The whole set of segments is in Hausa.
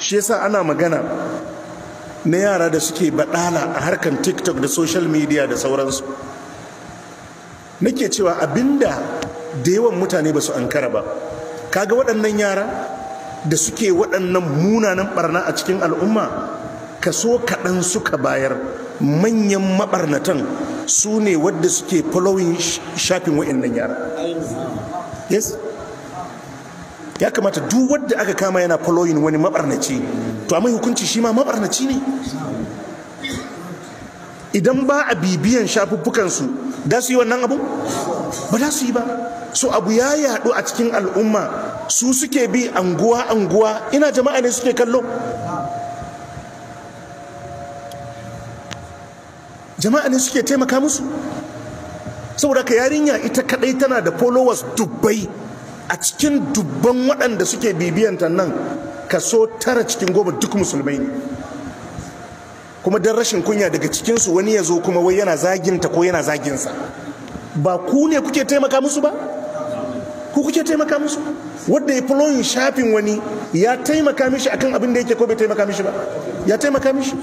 shi yasa ana magana na yara da suke baɗala a harkar tiktok da social media da sauransu nake cewa abinda da yawan mutane ba su ankara ba kaga waɗannan yara da suke waɗannan munanan ɓarna a cikin al'umma kaso kaɗan suka bayar manyan maɓarnatan su ne wadda suke following shafin wa'annan yara ya kamata duk wadda aka kama yana following wani mabarnaci to amma hukunci shi ma mabarnaci ne idan ba a bibiyan shafuffukansu da su yi wannan abu ba da su yi ba so abu ya yaɗu a cikin al'umma su suke bi anguwa anguwa ina jama'a ne suke kallo jama'a ne suke taimaka musu saboda ka yarinya ita kadai tana da followers dubbai a cikin dubban waɗanda suke bibiyanta nan kaso tara cikin goma duk musulmai ne kuma don rashin kunya daga cikinsu wani ya zo kuma wai yana zaginta ko yana zaginsa ba ku ne kuke taimaka musu ba ku kuke taimaka musu wadda ya fulon shafin wani ya taimaka mishi akan abin da yake ko bai taimaka mishi ba ya taimaka mishi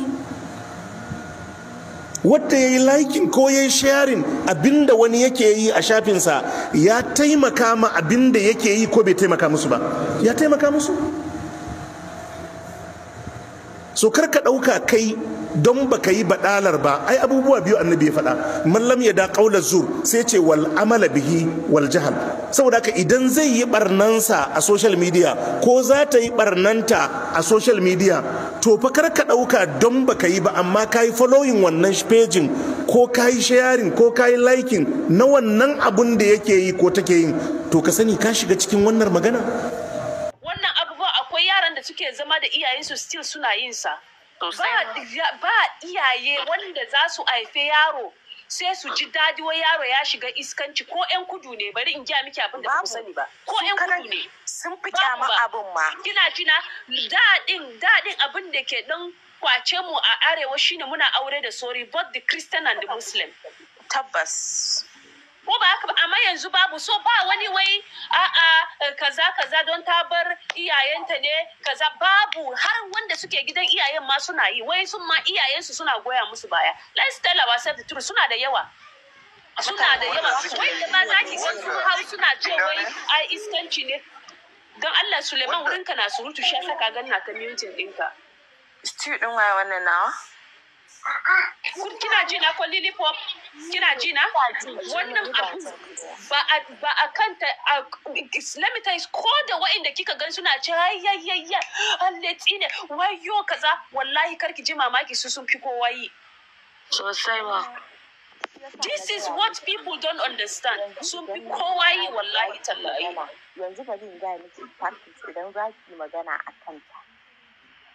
wadda ya yi laikin ko ya yi sharing abinda wani yake yi a shafinsa ya taimaka ma abinda yake yi ko bai taimaka musu ba ya taimaka musu so kar ka ɗauka kai don baka yi baɗalar ba ai abubuwa biyu annabi ya faɗa mallam ya da ƙaular zur sai ce wal amala bihi wal jahal saboda haka idan zai yi barnansa a social media ko za ta yi barnanta a social media to fa kar ka ɗauka don baka yi ba amma ka yi following wannan pejin ko ka yi sharing ko ka yi liking na wannan abun da yake yi ko take yin to ka sani ka shiga cikin wannan magana suke zama da iyayensu still suna yin sa ba iyaye wanda za su haife yaro sai su ji dadi wa yaro ya shiga iskanci ko yan kudu ne bari in gya miki abin da ku sani ba ko yan kudu ne sun fi kyama abin ma kina jina dadin dadin abin da ke ɗan kwace mu a arewa shine muna aure da sori both the christian and the muslim tabbas ko ba haka ba amma yanzu babu so ba wani wai a'a eh, kaza kaza don ta bar iyayenta ne kaza babu har wanda suke gidan iyayen ma suna yi wai sun ma iyayensu suna goya musu baya let's tell ourselves the truth suna da yawa suna da yawa wai da ba za ki san su hau suna ce wai a iskanci ne don Allah Suleiman wurinka na surutu shi ya saka ganna ta mutin ɗinka. Stew ɗin wannan nawa? kina ji na ko lilipop kina ji na wannan abu ba a ba a kanta let me tell you ko da wa'inda kika gan suna ce ayyayya Allah tsine wayo kaza wallahi karki ji mamaki su sun fi kowa yi sosai ma This is what people don't understand. Sun fi kowa yi wallahi tallahi. Yanzu bari in ga miki practice idan za ki magana a kanta.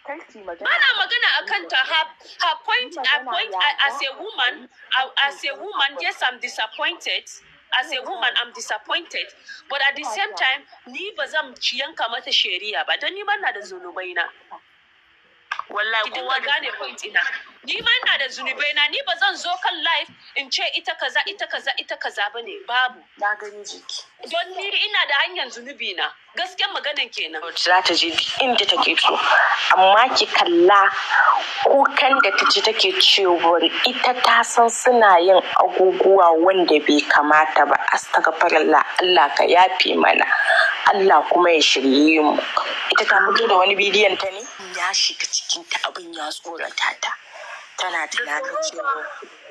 Ana magana a kanta her, her point, her point uh, as a woman, uh, as a woman, yes, I'm disappointed. as a woman I'm disappointed but at the same time ni ba zan yanka mata shari'a ba don ni ba na da zunubai na wallahi kowa gane point ina ni ma ina da zunubai na ni ba zan zo kan life in ce ita kaza ita kaza ita kaza bane babu na gani jiki don ni ina da hanyar zunubi na gaskiyar maganan kenan za ta je inda take so amma ki kalla kukan da ta take cewa ita ta san suna yin agoguwa wanda bai kamata ba astagfirullah Allah ka yafe mana Allah kuma ya shirye mu ita ta fito da wani bidiyon ta ne shiga cikin ta abin ya tsorata ta tana tunanin cewa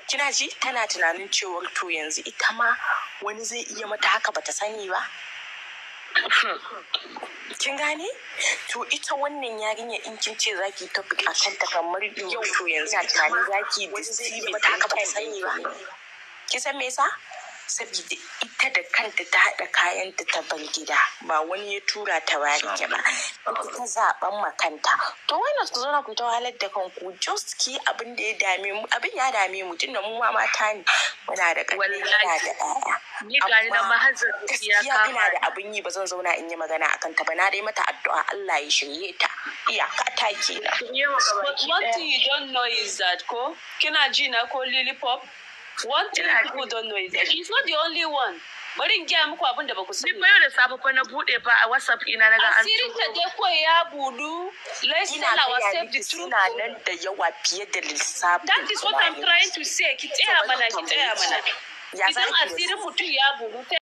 kina ji tana tunanin cewa to yanzu ita ma wani zai iya mata haka bata sani ba kin gane to ita wannan yarinya in kin ce zaki ta fi ta kamar yau to yanzu ina tunanin zaki wani zai iya mata haka bata sani ba kin san me yasa saboda ita da kanta ta haɗa kayanta ta bar gida ba wani ya tura ta bariki ba ta zaɓen makanta to na ku zauna ku ta wahalar da kanku just ki abin da ya dame mu abin ya dame mu tunda mu ma mata ne muna da ƙarfi muna da ɗaya amma gaskiya ina da abin yi ba zan zauna in yi magana a kanta ba na dai mata addu'a Allah ya shirye ta iyaka ta ke kenan what you don't know is that ko kina ji na ko lily One thing people don't know is he's not the only one. Bari in gaya muku abin da ba ku sani. Ni da sabu fa na bude ba a WhatsApp ina na ga an Asirin ta dai ko ya budu. Let's tell ourselves the truth. Ina nan da yawa fiye da lissafi. That is what I'm trying to say. Ki tsaya mana, ki tsaya mana. Idan asirin mutum ya budu